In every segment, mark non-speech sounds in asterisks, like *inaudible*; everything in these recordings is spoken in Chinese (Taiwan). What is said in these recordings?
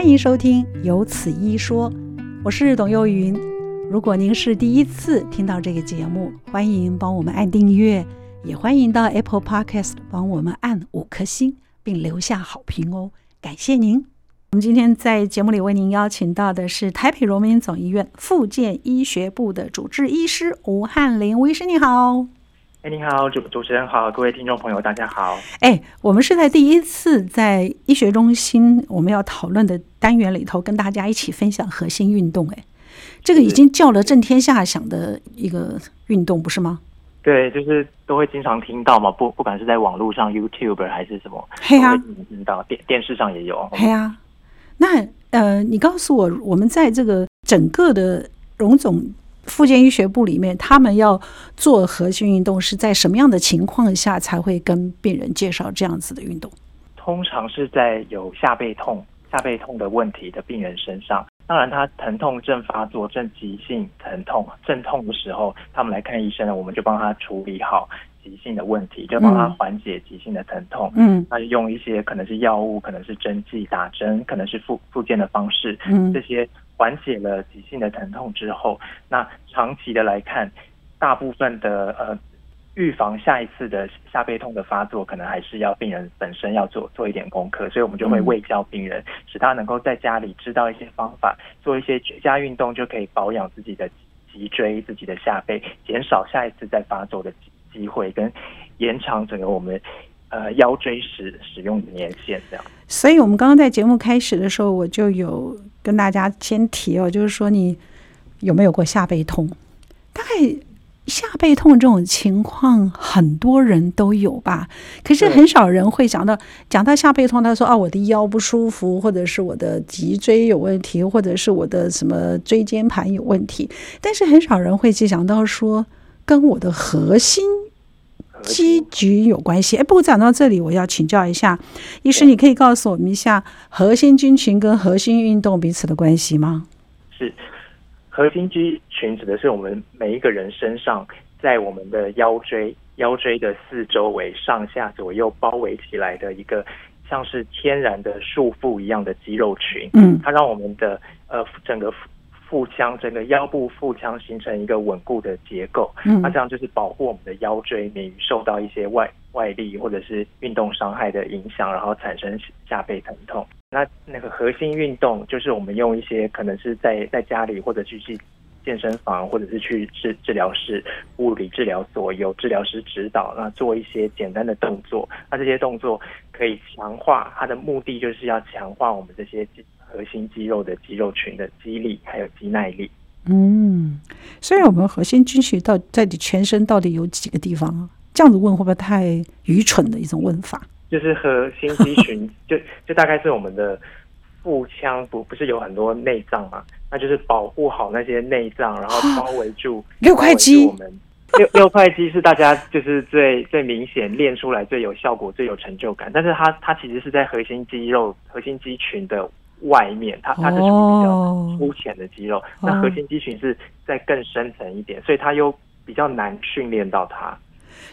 歡迎收聽《由此一說》，我是董幼雲。如果您是第一次聽到這個節目，歡迎幫我們按訂閱，也歡迎到 Apple Podcast 幫我們按五顆星並留下好評哦，感謝您。我們今天在節目裡為您邀請到的是台北榮民總醫院復健醫學部的主治醫師吳翰林，吳醫師，你好。哎，hey, 你好，主主持人好，各位聽眾朋友，大家好。哎、欸，我們是在第一次在醫學中心我們要討論的單元裡頭跟大家一起分享核心運動、欸，哎，這個已經叫了震天下響的一個運動，是不是嗎？對，就是都會經常聽到嘛，不，不管是在網絡上 YouTube 還是什麼，hey 啊、都會聽到，電電視上也有，對、hey、啊。那呃，你告訴我，我們在這個整個的榮總。復健醫學部裡面，他們要做核心運動是在什麼樣的情況下才會跟病人介紹這樣子的運動？通常是在有下背痛、下背痛的問題的病人身上。當然，他疼痛症發作症急性疼痛症痛的時候，他們來看醫生，我們就幫他處理好急性的問題，就幫他緩解急性的疼痛。嗯，嗯，那就用一些可能是藥物，可能是針劑打針，可能是復復健的方式，嗯、這些緩解了急性的疼痛之後，那長期的來看，大部分的呃。預防下一次的下背痛的發作，可能還是要病人本身要做做一點功課，所以我們就會衛教病人，嗯、使他能夠在家裡知道一些方法，做一些居家運動，就可以保養自己的脊椎、自己的下背，減少下一次再發作的機會，跟延長整個我們呃腰椎使使用的年限這樣。所以我們剛剛在節目開始的時候，我就有跟大家先提哦，就是說你有沒有過下背痛？大概。下背痛這種情況很多人都有吧，可是很少人會想到，對講到下背痛，他說啊，我的腰不舒服，或者是我的脊椎有問題，或者是我的什麼椎間盤有問題，但是很少人會去想到說跟我的核心肌群有關係。心哎，不過講到這裡，我要請教一下，對醫師，你可以告訴我們一下核心肌群跟核心運動彼此的關係嗎？是。核心肌群指的是我們每一個人身上，在我們的腰椎、腰椎的四周圍、上下左右包圍起來的一個，像是天然的束縛一樣的肌肉群。嗯，它讓我們的呃整個腹腹腔整個腰部腹腔形成一個穩固的結構，嗯，那這樣就是保護我們的腰椎免於受到一些外外力或者是運動傷害的影響，然後產生下背疼痛。那那個核心運動就是我們用一些可能是在在家裡或者去去健身房或者是去治治療室物理治療所有治療師指導，那做一些簡單的動作。那這些動作可以強化，它的目的就是要強化我們這些。核心肌肉的肌肉群的肌力，還有肌耐力。嗯，所以我們核心肌群到底在你全身到底有幾個地方啊？這樣子問會不會太愚蠢的一種問法？就是核心肌群， *laughs* 就就大概是我們的腹腔不不是有很多內臟嗎、啊？那就是保護好那些內臟，然後包圍住 *laughs* 六塊肌雞。 *laughs* 我們六六塊肌是大家就是最最明顯練出來最有效果最有成就感，但是它它其實是在核心肌肉核心肌群的。外面，它它就是屬於比較粗淺的肌肉，哦、那核心肌群是再更深層一點，哇所以它又比較難訓練到它。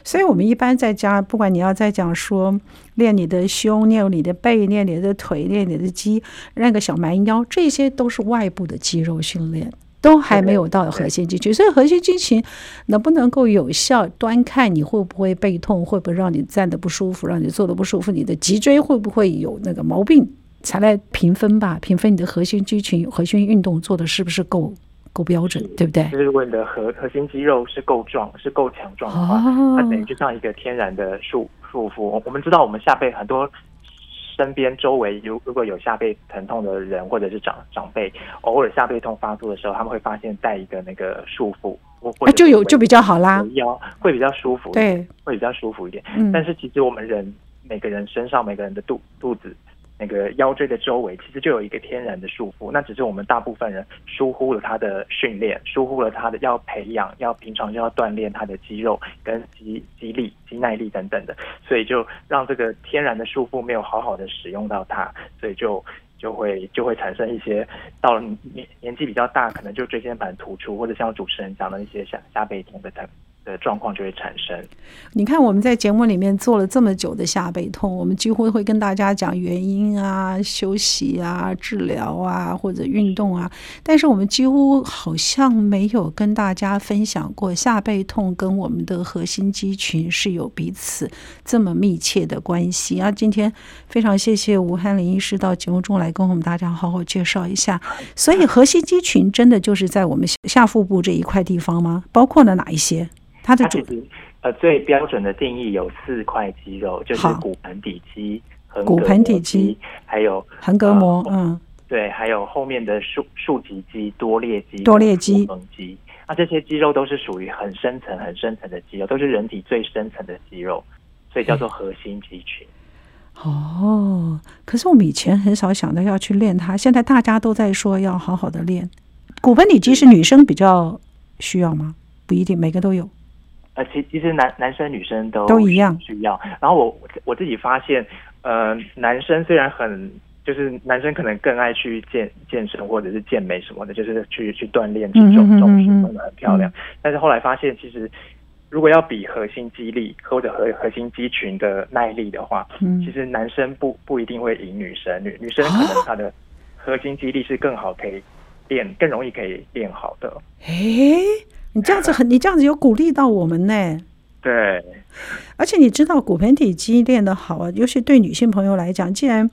所以我們一般在家，不管你要在講說練你的胸，練你的背，練你的腿，練你的肌，讓個小蠻腰，這些都是外部的肌肉訓練，都還沒有到核心肌群。嗯、所以核心肌群能不能夠有效，端看你會不會背痛，會不會讓你站得不舒服，讓你坐得不舒服，你的脊椎會不會有那個毛病？才來評分吧，評分你的核心肌群、核心運動做的是不是夠夠標準，對不對？就是如果你的核核心肌肉是夠壯、是夠強壯的話，Oh. 它等於就像一個天然的束束縛。我們知道，我們下背很多身邊周圍，如如果有下背疼痛的人，或者是長長輩，偶爾下背痛發作的時候，他們會發現帶一個那個束縛，或、啊、就有就比較好啦，有腰會比較舒服，對，會比較舒服一點。但是其實我們人每個人身上每個人的肚肚子。那個腰椎的周圍其實就有一個天然的束縛，那只是我們大部分人疏忽了他的訓練，疏忽了他的要培養，要平常就要鍛鍊他的肌肉跟肌肌力、肌耐力等等的，所以就讓這個天然的束縛沒有好好的使用到它，所以就就會就會產生一些到了年年紀比較大，可能就椎間盤突出或者像主持人講的一些下下背痛的疼。的狀況就會產生。你看，我們在節目裡面做了這麼久的下背痛，我們幾乎會跟大家講原因啊、休息啊、治療啊或者運動啊，但是我們幾乎好像沒有跟大家分享過下背痛跟我們的核心肌群是有彼此這麼密切的關係。啊，今天非常謝謝吳翰林醫師到節目中來跟我們大家好好介紹一下。所以，核心肌群真的就是在我們下腹部這一塊地方嗎？包括了哪一些？它的主題，呃，最標準的定義有四塊肌肉，就是骨盆底肌、好肌骨盆底肌，還有橫膈膜，呃、嗯，對，還有後面的豎豎脊肌、多裂肌、多裂肌、肌。那、啊、這些肌肉都是屬於很深層、很深層的肌肉，都是人體最深層的肌肉，所以叫做核心肌群。嘿哦，可是我們以前很少想到要去練它，現在大家都在說要好好的練骨盆底肌，是女生比較需要嗎？不一定，每個都有。其其實男男生、女生都都一樣需要，然後我我自己發現，呃，男生雖然很就是男生可能更愛去健健身或者是健美什麼的，就是去去鍛鍊這種種東西，弄得很漂亮。嗯哼嗯哼嗯，但是後來發現，其實如果要比核心肌力或者核核心肌群的耐力的話，嗯、其實男生不不一定會贏女生。女女生可能她的核心肌力是更好，可以練更容易可以練好的。誒、欸。你這樣子很，你這樣子有鼓勵到我們呢、欸。對，而且你知道骨盆底肌練得好啊，尤其對女性朋友來講，既然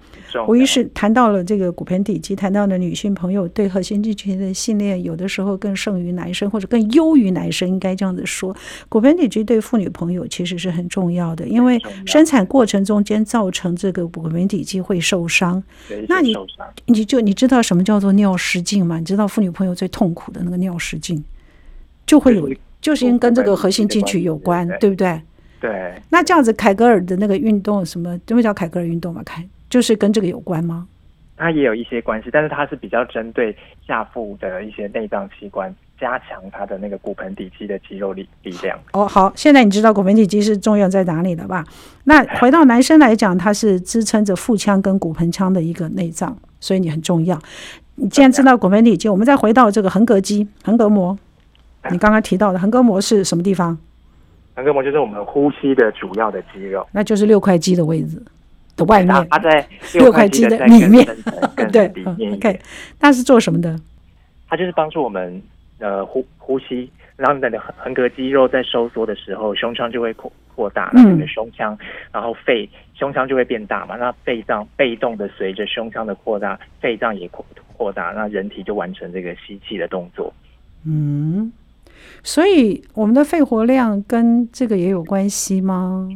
無疑是談到了這個骨盆底肌，談到了女性朋友對核心肌群的訓練，有的時候更勝於男生，或者更優於男生，應該這樣子說，骨盆底肌對婦女朋友其實是很重要的，因為生產過程中間造成這個骨盆底肌會受傷。那你，你就你知道什麼叫做尿失禁嗎？你知道婦女朋友最痛苦的那個尿失禁。就會有，就是因為跟這個核心肌群有關，關對，對不對？對。那這樣子，凱格爾的那個運動，什麼這麼叫凱格爾運動嘛？凱就是跟這個有關嗎？它也有一些關係，但是它是比較針對下腹的一些內臟器官，加強它的那個骨盆底肌的肌肉力力量。哦，好，現在你知道骨盆底肌是重要在哪裡了吧？那回到男生來講，它 *laughs* 是支撐着腹腔跟骨盆腔的一個內臟，所以你很重要。你既然知道骨盆底肌，要我們再回到這個橫膈肌、橫膈膜。你剛剛提到的橫膈膜是什麼地方？橫膈膜就是我們呼吸的主要的肌肉，那就是六塊肌的位置的外面，它在六塊肌的，的裡面，在幹 *laughs* 對裡面，OK，是做什麼的？它就是幫助我們呃呼呼吸，然後在的橫膈肌肉在收縮的時候，胸腔就會擴擴大，嗯，你的胸腔，然後肺胸腔就會變大嘛，那肺臟被動的隨着胸腔的擴大，肺臟也擴擴大，那人體就完成這個吸氣的動作，嗯。所以我們的肺活量跟這個也有關係嗎？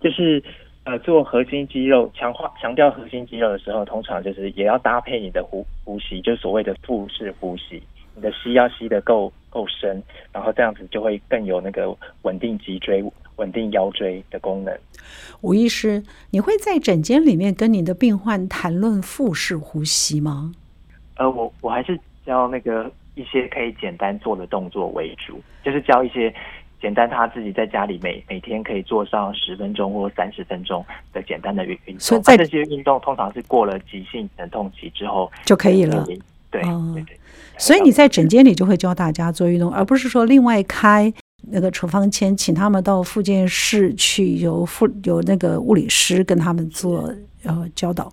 就是呃，做核心肌肉強化強調核心肌肉的時候，通常就是也要搭配你的呼呼吸，就所謂的腹式呼吸。你的吸要吸得夠夠深，然後這樣子就會更有那個穩定脊椎、穩定腰椎的功能。吳醫師，你會在診間裡面跟你的病患談論腹式呼吸嗎？呃，我我還是教那個。一些可以簡單做的動作為主，就是教一些簡單他自己在家裡每每天可以做上十分鐘或三十分鐘的簡單的運運動。所以在這些運動通常是過了急性疼痛期之後可就可以了。對。嗯、對對對，所以你在診間裡就會教大家做運動，嗯、而不是說另外開那個處方箋，請他們到復健室去由附有那個物理師跟他們做呃教導。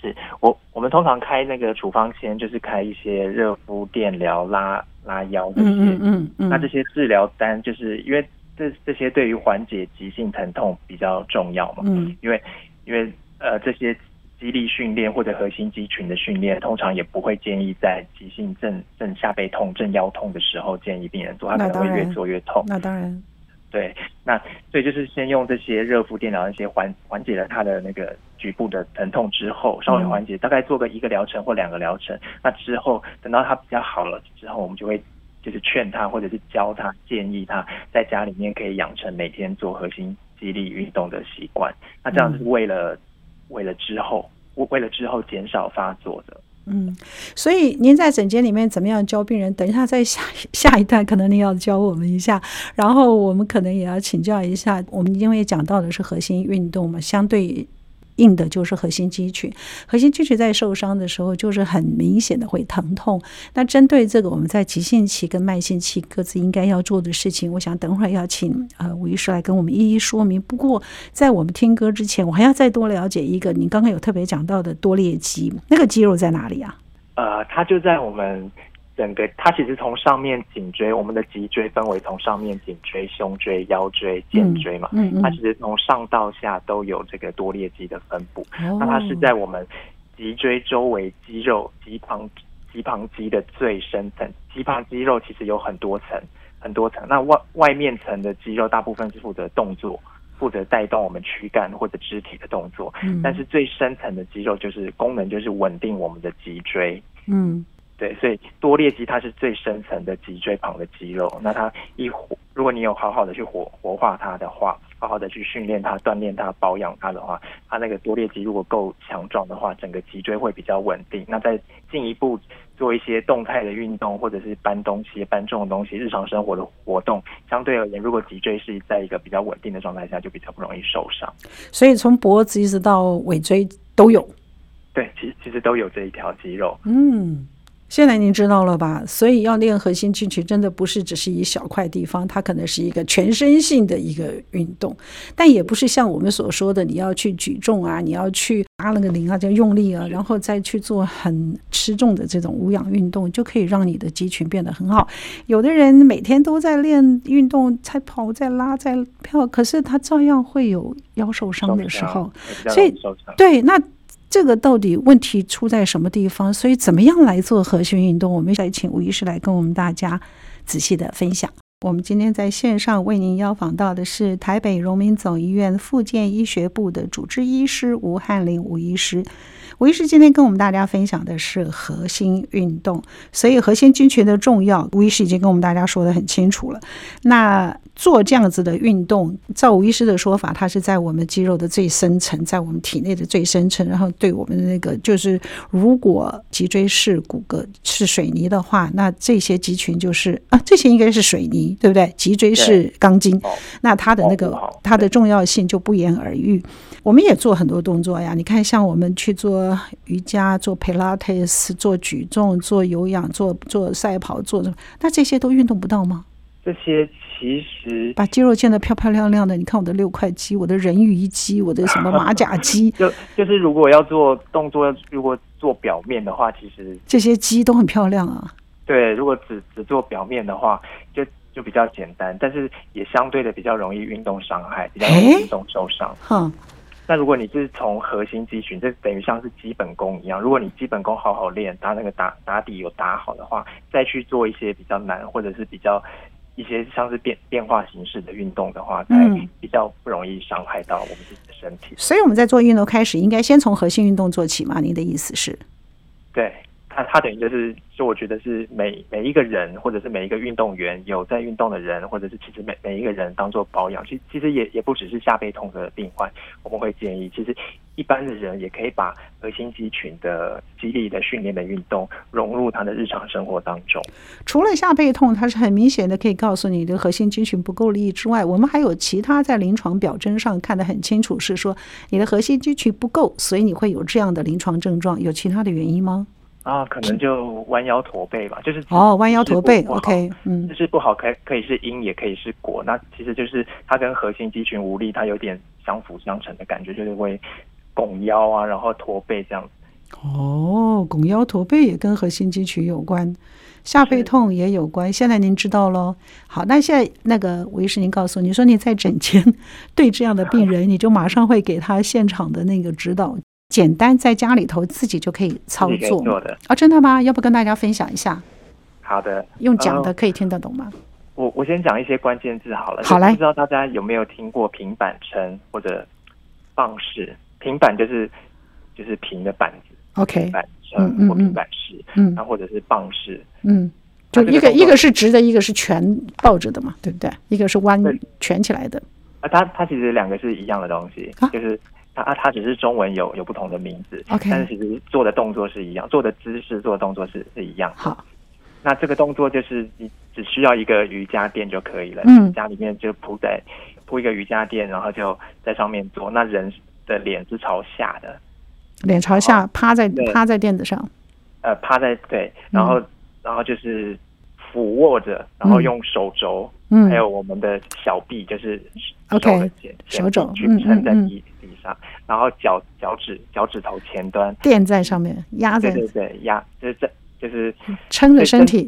是我，我們通常開那個處方箋，就是開一些熱敷、電療、拉拉腰這些。嗯嗯，嗯，那這些治療單，就是因為這這些對於緩解急性疼痛比較重要嘛。嗯，因。因為因為呃，這些肌力訓練，或者核心肌群的訓練，通常也不會建議在急性症症下背痛、症腰痛的時候建議病人做，他可能會越做越痛。那當然。對，那所以就是先用這些熱敷、電療，那些緩緩解了他的那個局部的疼痛之後，稍微緩解，大概做個一個療程或兩個療程，那之後等到他比較好了之後，我們就會就是勸他或者是教他建議他在家裡面可以養成每天做核心肌力運動的習慣，那這樣是為了、嗯、為了之後為為了之後減少發作的。嗯，所以您在診間裡面怎麼樣教病人？等一下，再下，再下下一段可能您要教我們一下，然後我們可能也要請教一下。我們因為講到的是核心運動嘛，相對。硬的就是核心肌群，核心肌群在受傷的時候就是很明顯的會疼痛。那針對這個，我們在急性期跟慢性期各自應該要做的事情，我想等會兒要請呃吳醫師來跟我們一一說明。不過在我們聽歌之前，我還要再多了解一個，你剛剛有特別講到的多裂肌，那個肌肉在哪裡啊？呃，它就在我們。整個它其實從上面頸椎，我們的脊椎分為從上面頸椎、胸椎、腰椎、薦椎嘛，嗯嗯嗯、它其實從上到下都有這個多裂肌的分布。哦、那它是在我們脊椎周圍肌肉、脊旁、脊旁肌的最深層。脊旁肌肉其實有很多層，很多層。那外外面層的肌肉大部分是負責動作，負責帶動我們軀幹或者肢體的動作。嗯、但是最深層的肌肉就是功能就是穩定我們的脊椎。嗯。嗯對，所以多裂肌它是最深層的脊椎旁的肌肉。那它一活，如果你有好好的去活活化它的話，好好的去訓練它、鍛鍊它、保養它的話，它那個多裂肌如果夠強壯的話，整個脊椎會比較穩定。那再進一步做一些動態的運動，或者是搬東西、搬重的東西，日常生活的活動，相對而言，如果脊椎是在一個比較穩定的狀態下，就比較不容易受傷。所以從脖子一直到尾椎都有。對，其其實都有這一條肌肉。嗯。現在您知道了吧？所以要練核心肌群，真的不是只是一小塊地方，它可能是一個全身性的一個運動，但也不是像我們所說的，你要去舉重啊，你要去拉那個鈴啊，這樣用力啊，然後再去做很吃重的這種無氧運動，就可以讓你的肌群變得很好。有的人每天都在練運動，在跑，再拉，再跳，可是他照樣會有腰受傷的時候。啊、所以對那。這個到底問題出在什麼地方？所以怎麼樣來做核心運動？我們再請吳醫師來跟我們大家仔細的分享。我們今天在線上為您邀訪到的是台北榮民總醫院復健醫學部的主治醫師吳翰林吳醫師。吳醫師今天跟我們大家分享的是核心運動，所以核心肌群的重要，吳醫師已經跟我們大家說得很清楚了。那做這樣子的運動，照吳醫師的說法，它是在我們肌肉的最深層，在我們體內的最深層，然後對我們的那個，就是如果脊椎是骨骼是水泥的話，那這些肌群，群就是啊，這些應該是水泥，對不對？脊椎是鋼筋，那它的那個它的重要性就不言而喻。我們也做很多動作呀，你看，像我們去做瑜伽、做 Pilates、做舉重、做有氧、做做賽跑、做什麼，那這些都運動不到嗎？這些其實把肌肉建得漂漂亮亮的，你看我的六塊肌，我的人魚肌，我的什麼馬甲肌， *laughs* 就就是如果要做動作，如果做表面的話，其實這些肌都很漂亮啊。對，如果只只做表面的話，就就比較簡單，但是也相對的比較容易運動傷害，比較容易運動受傷。好、哎。哼那如果你就是從核心肌群，這等於像是基本功一樣。如果你基本功好好練，打那個打打底有打好的話，再去做一些比較難或者是比較一些像是變變化形式的運動的話，才比較不容易傷害到我們自己的身體。嗯，所以我們在做運動開始，應該先從核心運動做起嗎？您的意思是？對。他，他等於就是，就我覺得是每每一個人，或者是每一個運動員有在運動的人，或者是其實每每一個人當做保養，其其實也也不只是下背痛的病患，我們會建議其實一般的人也可以把核心肌群的肌力的訓練的運動融入他的日常生活當中。除了下背痛，它是很明顯的可以告訴你的核心肌群不夠力之外，我們還有其他在臨床表徵上看得很清楚是說你的核心肌群不夠，所以你會有這樣的臨床症狀，有其他的原因嗎？啊，可能就彎腰駝背吧，就是哦，彎腰駝背，OK，嗯，就是不好，可以可以是因，也可以是果。那其實就是它跟核心肌群無力，它有點相輔相成的感覺，就是會拱腰啊，然後駝背這樣子。哦，拱腰駝背也跟核心肌群有關，下背痛也有關。是現在您知道嘍。好，那現在那個吳醫師您告訴你說你在診間對這樣的病人， *laughs* 你就馬上會給他現場的那個指導。簡單，在家裡頭自己就可以操作。啊，真的嗎？要不跟大家分享一下。好的。用講的可以聽得懂嗎？我我先講一些關鍵字好了。好嘞。不知道大家有沒有聽過平板撐或者棒式？平板就是就是平的板子。OK。平板撐或平板式，嗯，那或者是棒式。嗯。就一個一個是直的，一個是全抱着的嘛，對不對？一個是彎的，蜷起來的。啊，它它其實兩個是一樣的東西，就是。它它只是中文有有不同的名字，OK，但是其實做的動作是一樣，做的姿勢、做的動作是是一樣。好，那這個動作就是你只需要一個瑜伽墊就可以了，你家裡面就鋪在鋪、嗯、一個瑜伽墊，然後就在上面做。那人的臉是朝下的，臉朝下後趴在對趴在墊子上，呃，趴在對，然後、嗯、然後就是。俯臥着，然後用手肘，嗯嗯、還有我們的小臂，就是手肘的，okay, 手肘去群、嗯、撐在地地上，嗯嗯、然後腳腳趾腳趾頭前端墊在上面壓在，對對，對壓，就是就是撐着身體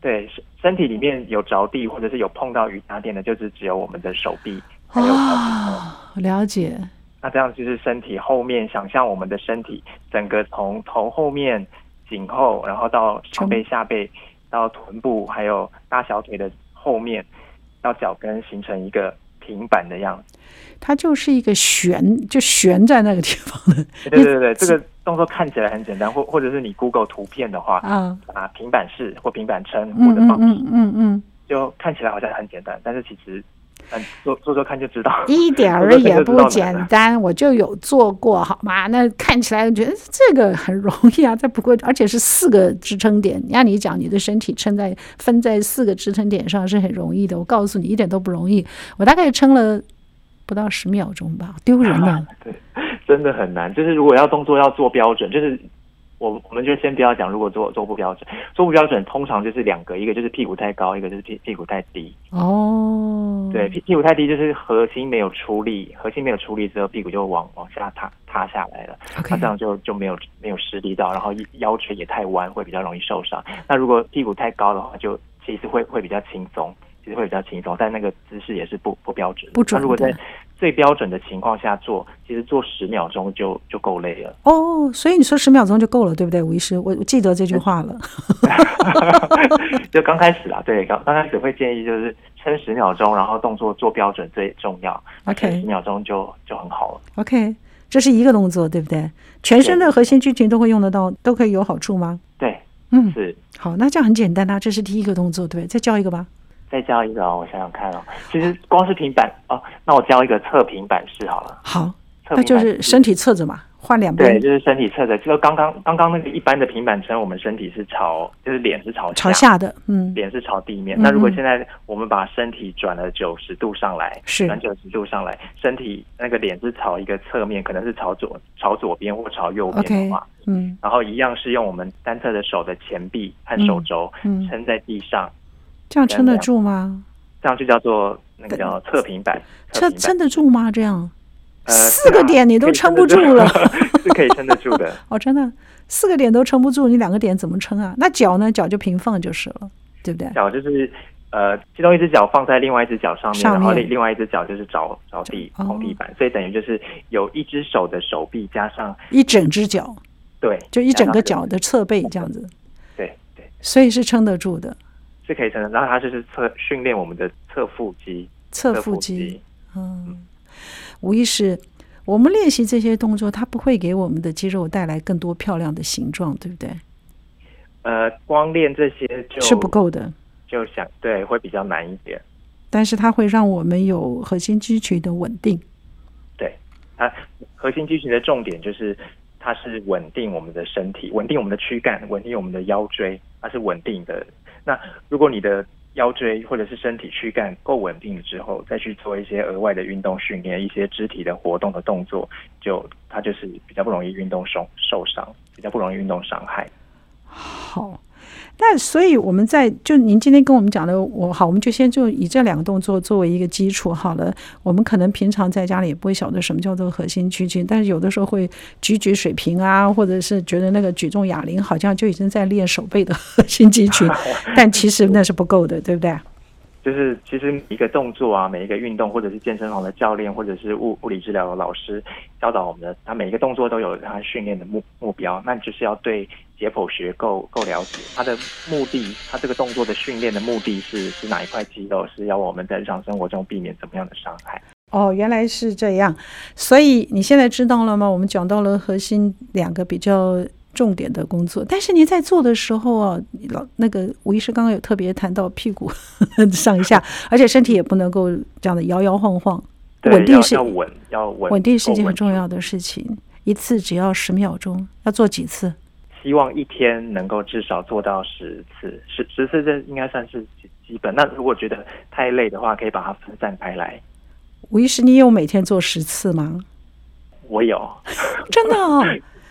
對。對，身體裡面有着地或者是有碰到瑜伽墊的，就是只有我們的手臂、臂的。啊、哦，了解。那這樣就是身體後面，想象我們的身體整個從頭後面、頸後，然後到上背、下背。到臀部，還有大小腿的後面，到腳跟，形成一個平板的樣子。它就是一個懸，就懸在那個地方的。對，對對對，因為這個動作看起來很簡單，或或者是你 Google 圖片的話，哦，啊，平板式或平板撐或者放平，嗯，嗯嗯，就看起來好像很簡單，但是其實。做做做看就知道，一點兒也不簡單。 *laughs* 我就有做過，好嗎？那看起來我覺得這個很容易啊，這不過，而且是四個支撐點。按你講，你的身體撐在分在四個支撐點上是很容易的。我告訴你，一點都不容易。我大概撐了不到十秒鐘吧，丟人了，啊。對，真的很難。就是如果要動作要做標準，就是。我我們就先不要講，如果做做不標準，做不標準通常就是兩個，一個就是屁股太高，一個就是屁屁股太低。哦，oh. 對，屁屁股太低就是核心沒有出力，核心沒有出力之後，屁股就往往下塌塌下來了。他，OK，啊，這樣就就沒有沒有施力到，然後腰椎也太彎，會比較容易受傷。那如果屁股太高的話，就其實會會比較輕鬆，其實會比較輕鬆，但那個姿勢也是不不標準的。不準的，如果在。最標準的情況下做，其實做十秒鐘就就夠累了。哦，oh, 所以你說十秒鐘就夠了，對不對？吳醫師，我我記得這句話了。 *laughs* *laughs* 就剛開始啊，對，剛剛開始會建議就是撐十秒鐘，然後動作做標準最重要。OK，十秒鐘就就很好了。OK，這是一個動作，對不對？全身的核心肌群都會用得到，對都可以有好處嗎？對，嗯，是。好，那這樣很簡單啊，這是第一個動作，對，對，再教一個吧。再教一個、哦，我想想看哦。其實光是平板哦，哦，那我教一個側平板式好了。好，側平板式。那就是身體側着嘛，換兩邊。對，就是身體側着。就剛剛剛剛那個一般的平板撐，我們身體是朝，就是臉是朝下朝下的，嗯，臉是朝地面。嗯、那如果現在我們把身體轉了九十度上來，是轉九十度上來，身體那個臉是朝一個側面，可能是朝左、朝左邊或朝右邊的話，okay, 嗯。然後一樣是用我們單側的手的前臂和手肘撐、嗯、在地上。嗯這樣撐得住嗎？這樣就叫做那個叫側平板，撐撐得住嗎？這樣，呃、四個點你都撐不住了，呃、是啊、可以撐得住 *laughs* 是可以撐得住的 *laughs* 哦，真的，四個點都撐不住，你兩個點怎麼撐啊？那腳呢？腳就平放就是了，對不對？腳就是呃，其中一隻腳放在另外一隻腳上面，上面然後另另外一隻腳就是着着地碰地板，哦、所以等於就是有一隻手的手臂加上一整隻腳，對，就一整個腳的側背這樣子，對對，對所以是撐得住的。是可以撐，然後它就是側訓練我們的側腹肌，側腹肌，嗯，無意識。我們練習這些動作，它不會給我們的肌肉帶來更多漂亮的形狀，對不對？呃，光練這些就是不夠的，就想對會比較難一點，但是它會讓我們有核心肌群的穩定。對，它核心肌群的重點就是，它是穩定我們的身體，穩定我們的軀幹，穩定我們的腰椎，它是穩定的。那如果你的腰椎或者是身體軀幹夠穩定了之後，再去做一些額外的運動訓練，一些肢體的活動的動作，就它就是比較不容易運動受受傷，比較不容易運動傷害。好。但所以我們在就您今天跟我們講的我好，我們就先就以這兩個動作作為一個基礎好了。我們可能平常在家裡也不會曉得什麼叫做核心肌群，但是有的時候會舉舉水瓶啊，或者是覺得那個舉重啞鈴好像就已經在練手背的核心肌群，但其實那是不夠的，對不對？就是其實每一個動作啊，每一個運動，或者是健身房的教練，或者是物物理治療的老師教導我們的，他每一個動作都有他訓練的目目標。那就是要對解剖學夠夠了解，他的目的，他這個動作的訓練的目的是是哪一塊肌肉，是要我們在日常生活中避免怎麼樣的傷害。哦，原來是這樣，所以你現在知道了嗎？我們講到了核心兩個比較重點的工作，但是你在做的時候啊，老那個吳醫師剛剛有特別談到屁股 *laughs* 上一下，而且身體也不能夠這樣的搖搖晃晃，穩對定，是要穩要穩，穩定是一件很重要的事情。一次只要十秒鐘，要做幾次？希望一天能夠至少做到十次，十十次這應該算是基本。那如果覺得太累的話，可以把它分散開來。吳醫師，你有每天做十次嗎？我有。真的哦。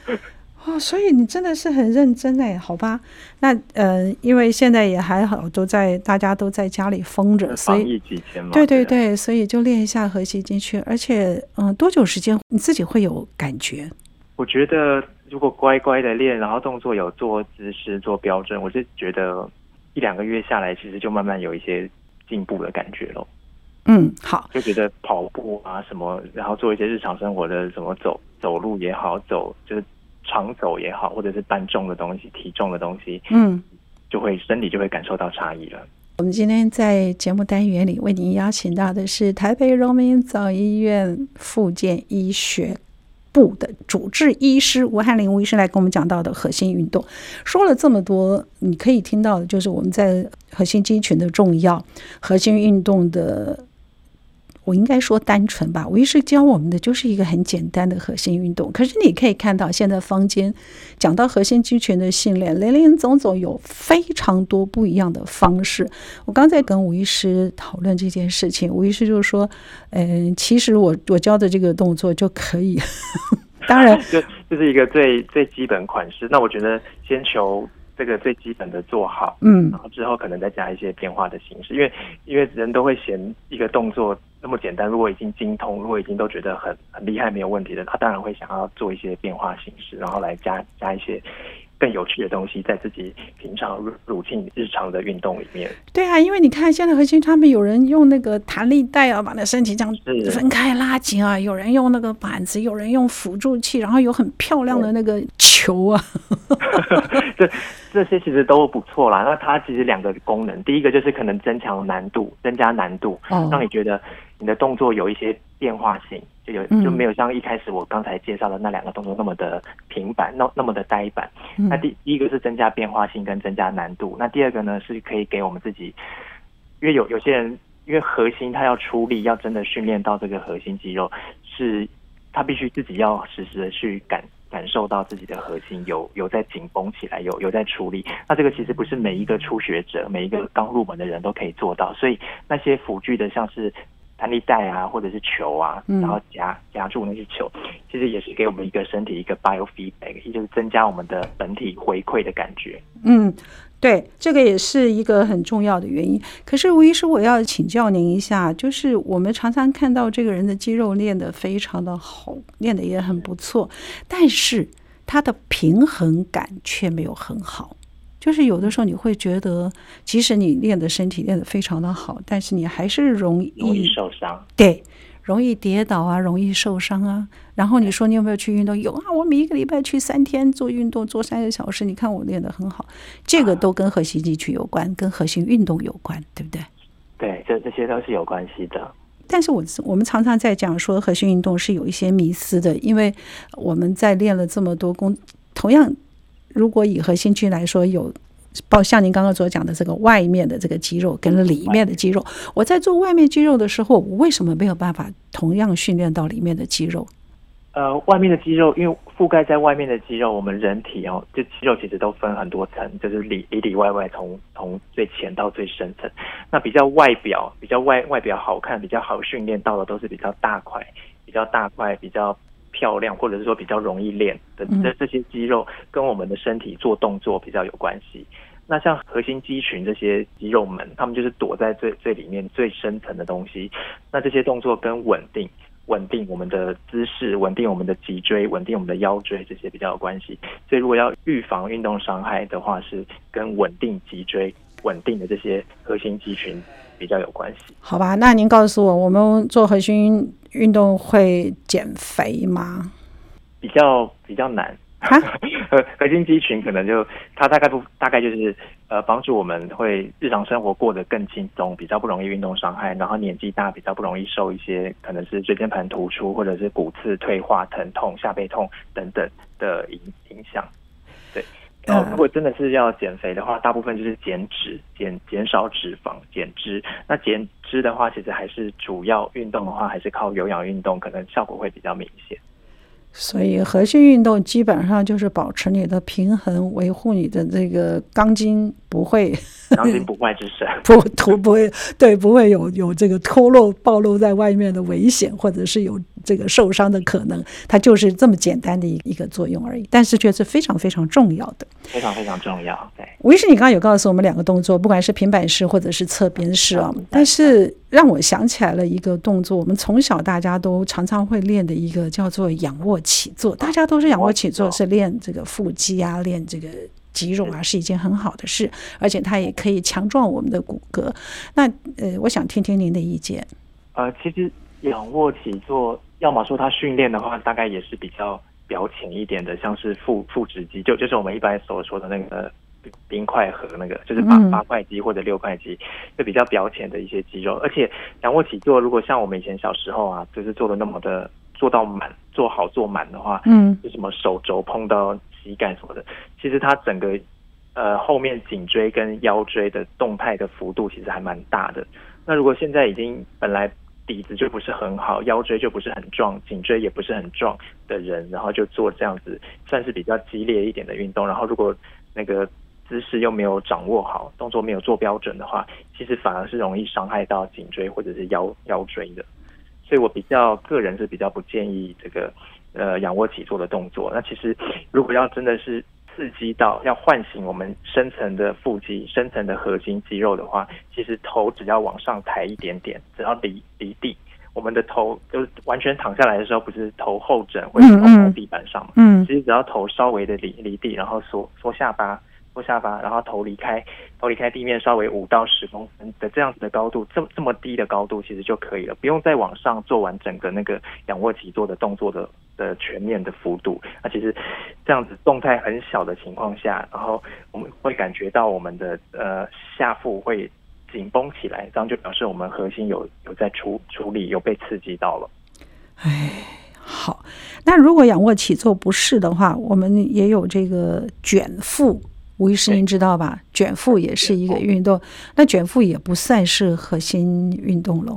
*laughs* 哦，所以你真的是很認真哎，好吧？那呃，因為現在也還好，都在大家都在家裡封着，所以幾對對對，對所以就練一下核心進去，而且嗯、呃，多久時間你自己會有感覺？我覺得如果乖乖的練，然後動作有做姿勢做標準，我是覺得一兩個月下來，其實就慢慢有一些進步的感覺嘍。嗯，好，就覺得跑步啊什麼，然後做一些日常生活的什麼走走路也好，走就是。長走也好，或者是搬重的東西，體重的東西，嗯，就會身體就會感受到差異了。嗯、我們今天在節目單元裡為您邀請到的是台北榮民總醫院復健醫學部的主治醫師吳翰林吳醫生來跟我們講到的核心運動。說了這麼多，你可以聽到的就是我們在核心肌群的重要，核心運動的。我應該說單純吧，吳醫師教我們的就是一個很簡單的核心運動。可是你可以看到，現在坊間講到核心肌群的訓練，林林總總有非常多不一樣的方式。我剛才跟吳醫師討論這件事情，吳醫師就是說：“嗯，其實我我教的這個動作就可以。 *laughs* ”當然，就就是一個最最基本款式。那我覺得先求這個最基本的做好，嗯，然後之後可能再加一些變化的形式，因為因為人都會嫌一個動作。那麼簡單，如果已經精通，如果已經都覺得很很厲害，沒有問題的，他當然會想要做一些變化形式，然後來加加一些。更有趣的東西在自己平常入進日常的運動裡面。對啊，因為你看現在核心他們有人用那個彈力帶啊，把那身體這樣分開拉緊啊，是有人用那個板子，有人用輔助器，然後有很漂亮的那個球啊。對 *laughs* 這這些其實都不錯了。那它其實兩個功能，第一個就是可能增強難度，增加難度，哦、讓你覺得你的動作有一些。變化性，就有就沒有像一開始我剛才介紹的那兩個動作那麼的平板，那那麼的呆板。那第一個是增加變化性跟增加難度，那第二個呢，是可以給我們自己，因為有有些人因為核心他要出力，要真的訓練到這個核心肌肉，是他必須自己要實時的去感感受到自己的核心有有在緊繃起來，有有在出力。那這個其實不是每一個初學者，每一個剛入門的人都可以做到，所以那些輔具的像是。彈力帶啊，或者是球啊，然後夾夾住那些球，其實也是給我們一個身體一個 biofeedback，也就是增加我們的本體回饋的感覺。嗯，對，這個也是一個很重要的原因。可是吳醫師，我要請教您一下，就是我們常常看到這個人的肌肉練得非常的好，練得也很不錯，但是他的平衡感卻沒有很好。就是有的時候你會覺得，即使你練的身體練得非常的好，但是你還是容易，容易受傷。對，容易跌倒啊，容易受傷啊。然後你說你有沒有去運動？對有啊，我每一個禮拜去三天做運動，做三個小時。你看我練得很好，這個都跟核心肌群有關，啊、跟核心運動有關，對不對？對，這這些都是有關係的。但是我我們常常在講說核心運動是有一些迷思的，因為我們在練了這麼多功，同樣。如果以核心區來說，有包括像您剛剛所講的這個外面的這個肌肉跟裡面的肌肉，我在做外面肌肉的時候，我為什麼沒有辦法同樣訓練到裡面的肌肉？呃，外面的肌肉因為覆蓋在外面的肌肉，我們人體哦，這肌肉其實都分很多層，就是裡裡裡外外，從從最淺到最深層。那比較外表、比較外外表好看、比較好訓練到的，都是比較大塊、比較大塊比較，漂亮，或者是說比較容易練的，的，那這些肌肉跟我們的身體做動作比較有關係。那像核心肌群這些肌肉們，他們就是躲在最最裡面、最深層的東西。那這些動作跟穩定、穩定我們的姿勢、穩定我們的脊椎、穩定我們的腰椎這些比較有關係。所以，如果要預防運動傷害的話，是跟穩定脊椎、穩定的這些核心肌群比較有關係。好吧，那您告訴我，我們做核心。運動會減肥嗎？比較比較難。哈、啊， *laughs* 核心肌群可能就它大概不大概就是呃，幫助我們會日常生活過得更輕鬆，比較不容易運動傷害。然後年紀大，比較不容易受一些可能是椎間盤突出或者是骨刺退化、疼痛、下背痛等等的影影響。呃、哦、如果真的是要減肥的話，大部分就是減脂、減減少脂肪、減脂。那減脂的話，其實還是主要運動的話，還是靠有氧運動，可能效果會比較明顯。所以核心運動基本上就是保持你的平衡，維護你的這個鋼筋，不會。不外不塗不會，對，不會有有這個脫落暴露在外面的危險，或者是有這個受傷的可能，它就是這麼簡單的一個一個作用而已。但是卻是非常非常重要的，非常非常重要。對，吳醫師，你剛剛有告訴我們兩個動作，不管是平板式或者是側邊式啊，嗯嗯嗯、但是讓我想起來了一個動作，我們從小大家都常常會練的一個叫做仰臥起坐，大家都是仰臥起坐是練這個腹肌啊，練這個。肌肉啊是一件很好的事，而且它也可以強壯我們的骨骼。那呃，我想聽聽您的意見。呃，其實仰臥起坐，要麼說它訓練的話，大概也是比較表淺一點的，像是腹腹直肌，就就是我們一般所說的那個冰塊和那個，就是八八塊肌或者六塊肌，就比較表淺的一些肌肉。而且仰臥起坐，如果像我們以前小時候啊，就是做的那麼的做到滿做好做滿的話，嗯，就是什麼手肘碰到。膝蓋什麼的？其實它整個呃後面頸椎跟腰椎的動態的幅度其實還蠻大的。那如果現在已經本來底子就不是很好，腰椎就不是很壯，頸椎也不是很壯的人，然後就做這樣子算是比較激烈一點的運動，然後如果那個姿勢又沒有掌握好，動作沒有做標準的話，其實反而是容易傷害到頸椎或者是腰腰椎的。所以我比較個人是比較不建議這個。呃，仰臥起坐的動作，那其實如果要真的是刺激到要喚醒我們深層的腹肌，深層的核心肌肉的話，其實頭只要往上抬一點點，只要離離地，我們的頭就完全躺下來的時候，不是頭後枕會碰到地板上嘛？嗯，嗯，其實只要頭稍微的離離地，然後縮縮下巴。下巴，然後頭離開，頭離開地面，稍微五到十公分的這樣子的高度，這麼這麼低的高度其實就可以了，不用再往上做完整個那個仰臥起坐的動作的的全面的幅度。那、啊、其實這樣子動態很小的情況下，然後我們會感覺到我們的呃下腹會緊繃起來，這樣就表示我們核心有有在處處理有被刺激到了。唉，好，那如果仰臥起坐不是的話，我們也有這個捲腹。吳醫師，您知道吧？對捲腹也是一個運動，那捲，那捲腹也不算是核心運動嘍。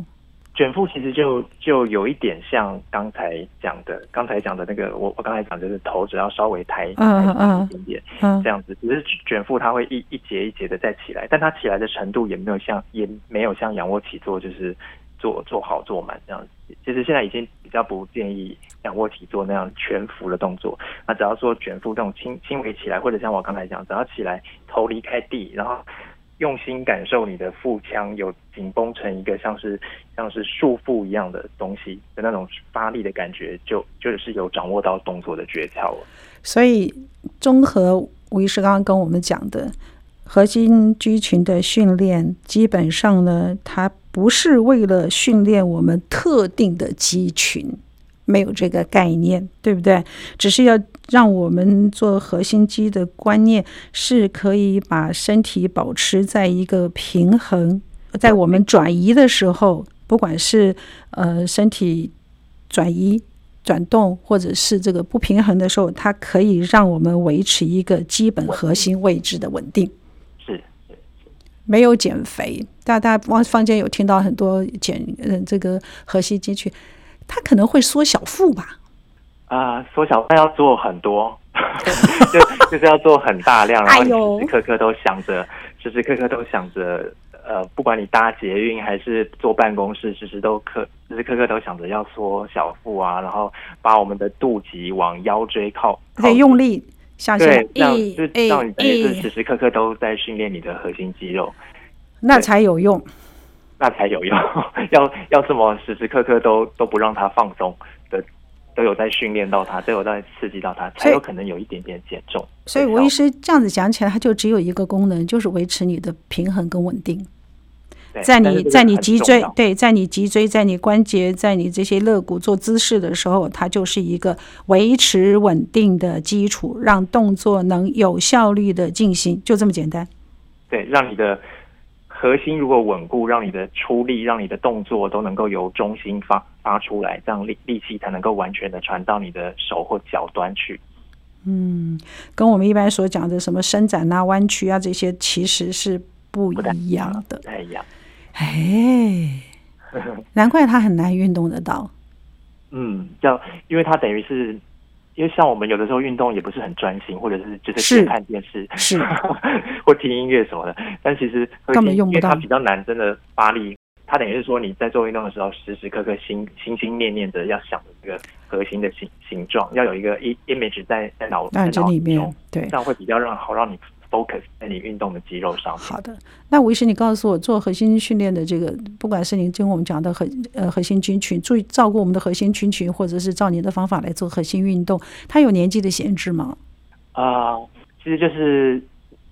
捲腹其實就就有一點像剛才講的，剛才講的那個，我我剛才講的就是頭只要稍微抬抬，抬一點點，啊啊啊啊啊這樣子，只是捲腹它會一一節一節的再起來，但它起來的程度也沒有像也沒有像仰臥起坐就是。做做好做滿這樣子，其實現在已經比較不建議仰臥起坐那樣全幅的動作。那、啊、只要做卷腹這種輕輕微起來，或者像我剛才講，只要起來頭離開地，然後用心感受你的腹腔有緊繃成一個像是像是束腹一樣的東西的那種發力的感覺，就就是有掌握到動作的訣竅了。所以綜合吳醫師剛剛跟我們講的。核心肌群的訓練，基本上呢，它不是為了訓練我們特定的肌群，沒有這個概念，對不對？只是要讓我們做核心肌的觀念是可以把身體保持在一個平衡，在我們轉移的時候，不管是呃身體轉移、轉動，或者是這個不平衡的時候，它可以讓我們維持一個基本核心位置的穩定。沒有減肥，大家方坊間有聽到很多減嗯這個核心肌群，他可能會縮小腹吧？啊、呃，縮小那要做很多，就 *laughs* *laughs* 就是要做很大量，然後時時刻，刻刻都想着，時、哎、呦時刻刻都想着，呃，不管你搭捷運還是坐辦公室，時時都刻時時刻刻都想着要縮小腹啊，然後把我們的肚臍往腰椎靠，得用力。像現在對，這樣就讓、欸、你一直時時刻刻都在訓練你的核心肌肉，那才有用，那才有用， *laughs* 要要什麼時時刻刻都都不讓它放鬆的，都有在訓練到它，都有在刺激到它，以才有可能有一點點減重。所以，吳對醫師這樣子講起來，它就只有一個功能，就是維持你的平衡跟穩定。在你、在你脊椎，對，在你脊椎，在你關節，在你這些肋骨做姿勢的時候，它就是一個維持穩定的基礎，讓動作能有效率的進行，就這麼簡單。對，讓你的核心如果穩固，讓你的出力，讓你的動作都能夠由中心發發出來，這樣力力氣才能夠完全的傳到你的手或腳端去。嗯，跟我們一般所講的什麼伸展啊、彎曲啊這些，其實是不一樣的。哎呀。哎，難怪他很難運動得到。嗯，這樣，因為他等於是，因為像我們有的時候運動也不是很專心，或者是就是邊看電視、是或聽音樂什麼的，是但其實根本用不到，他比較難真的發力。他等於是說你在做運動的時候，時時刻刻心心心念念的要想一個核心的形形狀，要有一個 image 在在腦大腦裡面，對，這樣會比較讓好讓你。focus 在你運動的肌肉上面。好的，那吳醫師，你告訴我做核心訓練的這個，不管是您跟我們講的核呃核心肌群，注意照顧我們的核心肌群，或者是照您的方法來做核心運動，它有年紀的限制嗎？啊、呃，其實就是，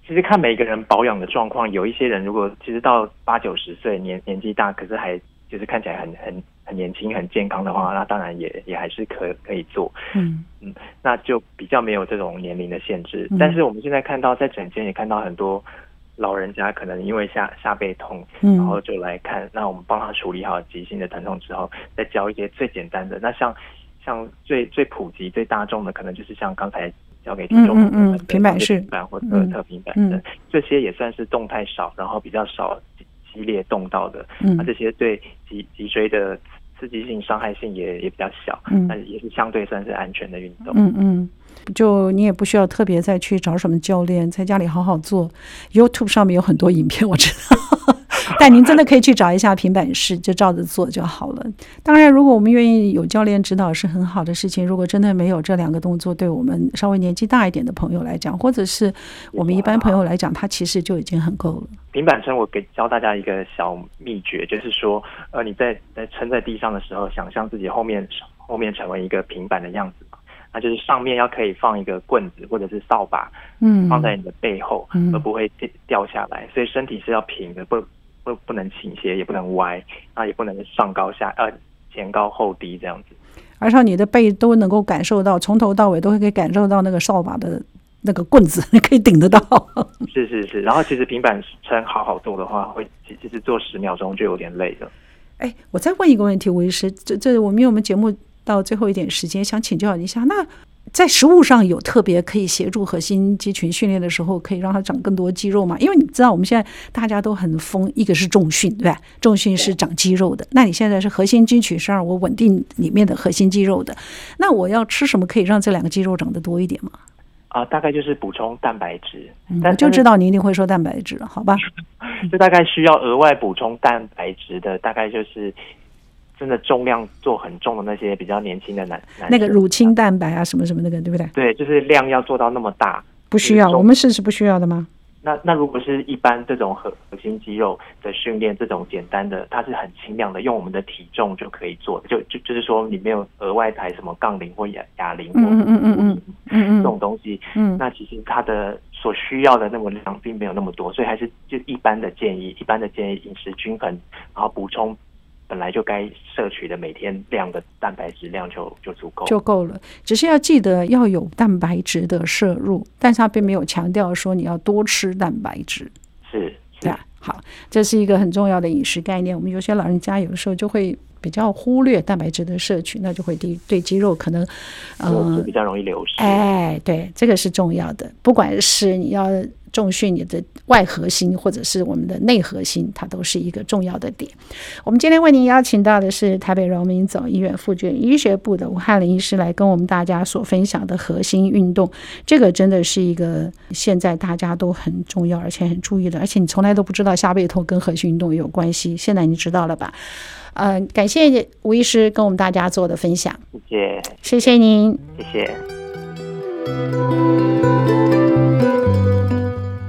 其實看每個人保養的狀況。有一些人如果其實到八九十歲年年紀大，可是還就是看起來很很。很年輕、很健康的話，那當然也也還是可可以做，嗯嗯，那就比較沒有這種年齡的限制。嗯、但是我們現在看到，在診間也看到很多老人家，可能因為下下背痛，然後就來看。嗯、那我們幫他處理好急性的疼痛之後，再教一些最簡單的。那像像最最普及、最大眾的，可能就是像剛才教給聽眾、嗯嗯、平板視平板或者特平板等，嗯嗯、這些也算是動態少，然後比較少激烈動到的。嗯，那、啊、這些對脊脊椎的。刺激性、傷害性也也比較小，嗯，但是也是相對算是安全的運動，嗯嗯，就你也不需要特別再去找什麼教練，在家裡好好做，YouTube 上面有很多影片，我知道。 *laughs* *laughs* 但您真的可以去找一下平板式，就照着做就好了。當然，如果我們願意有教練指導是很好的事情。如果真的沒有這兩個動作，對我們稍微年紀大一點的朋友來講，或者是我們一般朋友來講，它其實就已經很夠了。平板撐，我給教大家一個小秘訣，就是說，呃，你在在撐在地上的時候，想象自己後面後面成為一個平板的樣子。那就是上面要可以放一個棍子或者是掃把，嗯，放在你的背後，嗯，而不會掉下來。嗯嗯、所以身體是要平的，不。不不能傾斜，也不能歪，啊，也不能上高下呃前高後低這樣子。而且你的背都能夠感受到，從頭到尾都會可以感受到那個掃把的那個棍子，你可以頂得到。 *laughs* 是是是，然後其實平板撐好好做的話，會其實做十秒鐘就有點累了。哎，我再問一個問題，吳醫師，這這我們因為我們節目到最後一點時間，想請教一下，那。在食物上有特別可以協助核心肌群訓練的時候，可以讓它長更多肌肉嗎？因為你知道我們現在大家都很瘋，一個是重訓，對吧？重訓是長肌肉的。那你現在是核心肌群是讓我穩定裡面的核心肌肉的。那我要吃什麼可以讓這兩個肌肉長得多一點嗎？啊，大概就是補充蛋白質。嗯，我就知道你一定會說蛋白質了，好吧？就大概需要額外補充蛋白質的，大概就是。真的重量做很重的那些比較年輕的男男，那個乳清蛋白啊，什麼什麼那個，對不對？對，就是量要做到那麼大，不需要，我們是是不需要的嗎？那那如果是一般這種核核心肌肉的訓練，這種簡單的，它是很輕量的，用我們的體重就可以做，就就就是說你沒有額外抬什麼槓鈴或啞啞鈴，或鈴，鈴嗯，嗯嗯嗯嗯嗯，嗯這種東西，嗯，那其實它的所需要的那麼量並沒有那麼多，所以還是就一般的建議，一般的建議飲食均衡，然後補充。本來就該攝取的每天量的蛋白質量就就足夠了，就夠了。只是要記得要有蛋白質的攝入，但是它並沒有強調說你要多吃蛋白質，是是吧、啊？好，這是一個很重要的飲食概念。我們有些老人家有的時候就會比較忽略蛋白質的攝取，那就會對對肌肉可能就、呃哦、比較容易流失。哎，哎，哎，對，這個是重要的。不管是你要。重訓你的外核心或者是我們的內核心，它都是一個重要的點。我們今天為您邀請到的是台北榮民總醫院復健醫學部的吳翰林醫師，來跟我們大家所分享的核心運動。這個真的是一個現在大家都很重要而且很注意的，而且你從來都不知道下背痛跟核心運動有關係，現在你知道了吧？嗯，感謝吳醫師跟我們大家做的分享。謝謝，謝謝您，謝謝、謝。